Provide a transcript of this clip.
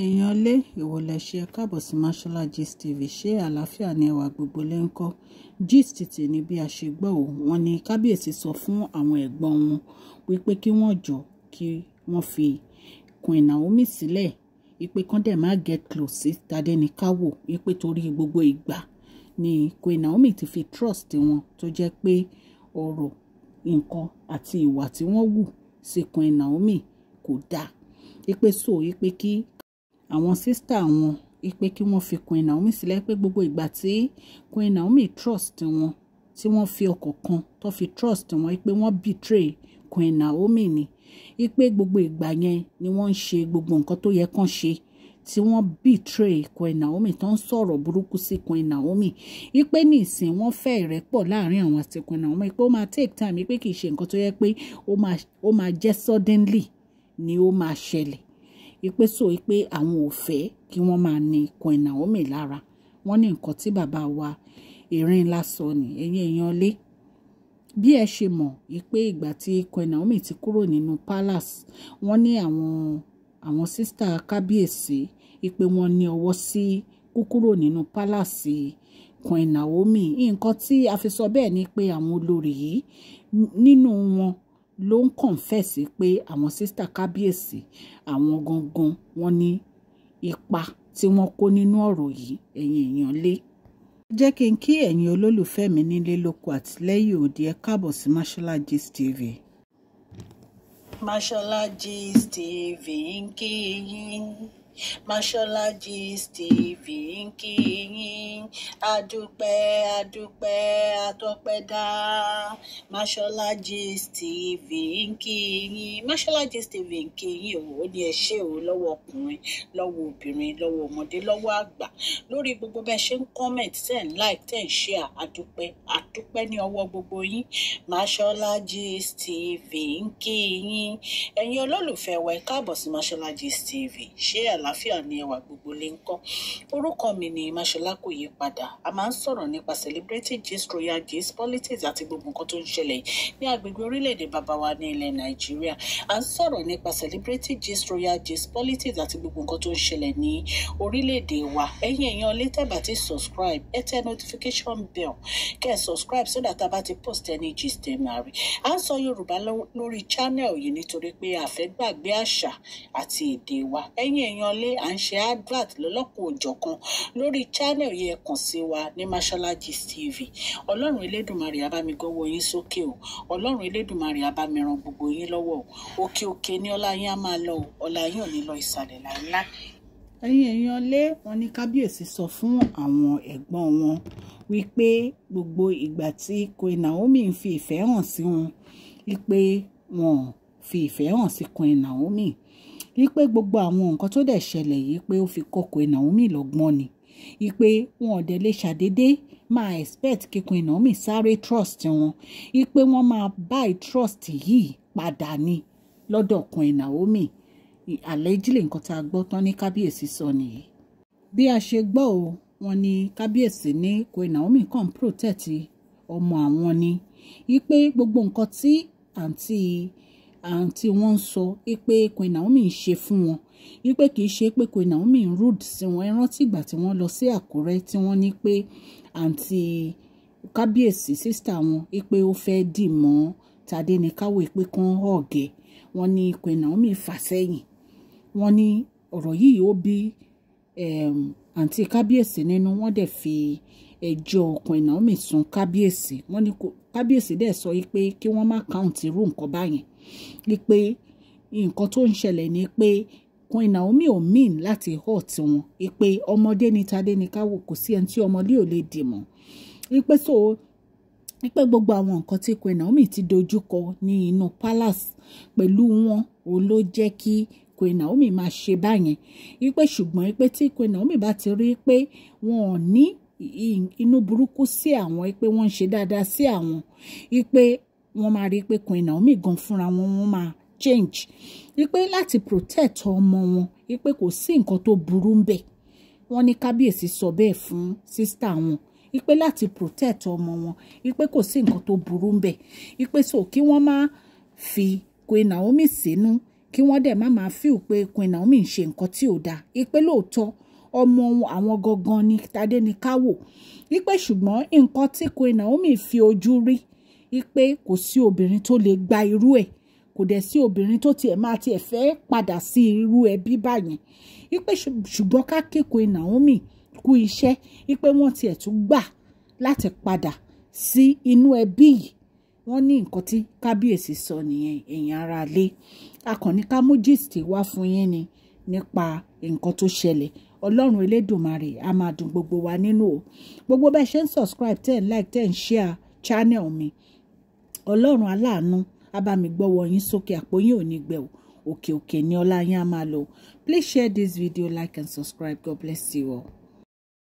èèyàn lé ìwòlẹ̀ ṣe ẹ káàbọ̀ sí mashola gist tv ṣé àlàáfíà ni ẹwà gbogbo lè ń kọ́ gist tì ní bí a ṣe gbọ́ ò wọ́n ní kábíyèsí sọ fún àwọn ẹ̀gbọ́n wọn wípé kí wọ́n jọ kí wọ́n fi Queen Naomi sílẹ̀ ìpè kan dẹ̀ má get close sí Tadéníkàwò ìpè torí gbogbo ìgbà ni Queen Naomi ti fi trust wọn tó jẹ́ pé ọ̀rọ̀ nǹkan àti ìwà tí wọ́n wù sí Queen Naomi kò dáa ipe so ipe kí àwọn sísítà wọn pé kí wọ́n fi Queen Naomi sílẹ̀ pé gbogbo ìgbà tí Queen Naomi trust wọn tí wọ́n fi ọkọ̀ kan tó fi trust wọn pé wọ́n betray Queen Naomi ni pé gbogbo ìgbà yẹn ni wọ́n ń ṣe gbogbo nǹkan tó yẹ kán ṣe tí wọ́n betray Queen Naomi tó ń sọ̀rọ̀ burúkú sí Queen Naomi ipe nísìn wọ́n fẹ́ ìrẹ́pọ̀ láàrin àwọn àti Queen Naomi pé ó máa take time pé kì í ṣe nǹkan tó yẹ pé ó máa jẹ́ suddenly ni ó máa ṣẹlẹ̀ ipe so ipe àwọn ò fẹ́ kí wọ́n máa ní Queen Naomi lára wọ́n ní nǹkan tí bàbá wa erin ńlá sọ ni ẹ̀yin èèyàn lé bí ẹ ṣe mọ̀ pé ìgbà tí Queen Naomi ti kúrò nínú palace wọ́n ní àwọn àwọn sísítà kábíyèsí pé wọ́n ní ọwọ́ sí kúkúrò nínú palace Queen Naomi nǹkan tí a fi sọ bẹ́ẹ̀ ni pé àwọn olórí yìí nínú wọn ló ń kọ̀ǹfẹ̀sì pé àwọn sísítà kábíyèsí àwọn gangan wọn ní ipa tí wọ́n kó nínú ọ̀rọ̀ yìí ẹ̀yin èèyàn lé jẹ́ kí n kí ẹ̀yin olólùfẹ́ mi nílé lóko àtìlẹ́yìn òde ẹ káàbọ̀ sí Mashola Gist TV. Mashola Gist TV ń kí yín. Mashola Gist TV ń kí yín adúpẹ́ adúpẹ́ atọ́pẹ́dá da. Gist TV ń kí yín Mashola TV ń o ó ní ẹ ṣé o lọ́wọ́ ọkùnrin lọ́wọ́ obìnrin lọ́wọ́ ọmọdé lọ́wọ́ àgbà lórí gbogbo bẹ́ẹ̀ ṣe ń comment ten like ten share adúpẹ́ adúpẹ́ ní ọwọ́ gbogbo yín Mashola Gist TV ń kí yín ẹ̀yin olólùfẹ́ wa ẹ káàbọ̀ sí Mashola Gist TV ṣé àlàáfíà ni ẹwà gbogbo lè ń kọ́ orúkọ mi ni Mashola padà a máa ń sọ̀rọ̀ nípa celebrity gist royal gist politics àti gbogbo nǹkan tó ń ṣẹlẹ̀ ní agbègbè orílẹ̀-èdè bàbá wa ní ilẹ̀ nàìjíríà a ń sọ̀rọ̀ nípa celebrity gist royal gist politics àti gbogbo nǹkan tó ń ṣẹlẹ̀ ní orílẹ̀-èdè wa ẹ̀yin èèyàn lè tẹ́ ti subscribe ẹ tẹ notification bell kẹ́ ẹ subscribe so that a bá ti post ẹni gist ẹ̀ máa rí a ń sọ yorùbá lórí channel yìí nítorí pé a fẹ́ gbàgbé àṣà àti èdè wa ẹ̀yin èèyàn lè à ń ṣe advert lọ́lọ́kùn òjọ̀kan lórí channel yìí ẹ kàn sí wa ní Mashola TV ọlọ́run elédùnmarè á bá mi gọ́wọ́ yín sókè o ọlọ́run elédùnmarè á bá mi ran gbogbo yín lọ́wọ́ o òkè òkè ni ọlá yín á máa lọ o ọlá yín ò ní lọ ìsàlẹ̀ láíláí ẹ̀yin èèyàn lé wọn ní kábíyèsí sọ fún àwọn ẹ̀gbọ́n wọn wípé gbogbo ìgbà tí Queen Naomi ń fi ìfẹ́ hàn sí wọn wípé wọn fi ìfẹ́ hàn sí Queen Naomi wípé gbogbo àwọn nǹkan tó dẹ̀ ṣẹlẹ̀ yìí pé ó fi kọ́ Queen Naomi lọ́gbọ́n ni ipe wọn ò dẹ̀ lè ṣàdédé máa expect kíkun Naomi sáré trust wọn ipe wọn máa buy trust yìí padà ni lọ́dọ̀ kan Naomi allegedly nǹkan tá a gbọ́ tán ní kábíyèsí sọ nìyí. bí a ṣe gbọ́ o wọn ní kábíyèsí ní Queen Naomi kàn protect ọmọ àwọn ni ipe gbogbo nǹkan tí àǹtí àwọn tí wọ́n ń sọ pé Queen Naomi ń ṣe fún wọn wípé kì í ṣe pé Queen Naomi ń rude sí wọn ẹ rántí ìgbà tí wọ́n lọ sí Àkúrẹ́ tí wọ́n ní pé àǹtí kábíyèsí sísítà wọn pé ó fẹ́ dì mọ́ tàdé ní káwé pé kán ọ̀gẹ̀ wọ́n ní Queen Naomi fà sẹ́yìn wọ́n ní ọ̀rọ̀ yìí ó bí ehm, àǹtí kábíyèsí nínú wọ́n dẹ̀ fi ẹjọ́ Queen Naomi sùn kábíyèsí wọ́n ní kábíyèsí dẹ̀ sọ pé kí wọ́n má káùntì irú nǹkan báyẹn wípé nǹkan tó ń ṣẹlẹ̀ ni pé Queen Naomi ò mean láti hot wọn wípé ọmọdé ni tadé ni káwọ kò sí ẹni tí ọmọdé ò lè dì mọ́ wípé so wípé gbogbo àwọn nǹkan tí Queen Naomi ti dojú kọ ní inú palace pẹ̀lú wọn o ló jẹ́ kí Queen Naomi máa ṣe báyẹn wípé ṣùgbọ́n wípé tí Queen Naomi bá ti rí pé wọn ò ní inú burúkú sí àwọn pé wọ́n ń ṣe dáadáa sí àwọn pé wọ́n máa rí pé Queen Naomi gan fúnra wọn wọ́n máa change wípé láti protect ọmọ wọn wípé kò sí nǹkan tó burú ń bẹ̀ wọ́n ní kábíyèsí sọ bẹ́ẹ̀ fún sísítà wọn wípé láti protect ọmọ wọn wípé kò sí nǹkan tó burú ń bẹ̀ wípé so kí wọ́n má fi Queen Naomi sínú kí wọ́n dẹ̀ má máa fíw pé Queen Naomi ń ṣe nǹkan tí ò dáa wípé lóòótọ́ ọmọ àwọn gangan ni tadé ni ká wò wípé ṣùgbọ́n nǹkan tí Queen Naomi fi ojú rí wípé kò sí obìnrin tó lè gba irú ẹ̀ kò dẹ̀ sí obìnrin tó tiẹ̀ máa tiẹ̀ fẹ́ padà sí irú ẹbí báyẹn wípé ṣùgbọ́n ká kékòó Naomi kú iṣẹ́ wípé wọ́n tiẹ̀ tún gbà láti padà sí inú ẹbí yìí wọ́n ní nǹkan tí kábíyèsí sọ nìyẹn èèyàn ara lé akànnì ká wá fún yín ni nípa nǹkan tó ṣẹlẹ̀ ọlọ́run elédùnmarè a máa dùn gbogbo wa nínú o gbogbo bẹ́ẹ̀ ṣe ń subscribe ten like ten share channel mi ọlọ́run aláàánú á bá mi gbọ́wọ́ yín sókè àpò yín ò ní gbẹ o òkè òkè ni ọlá yín á máa lọ please share this video like and subscribe god bless you all.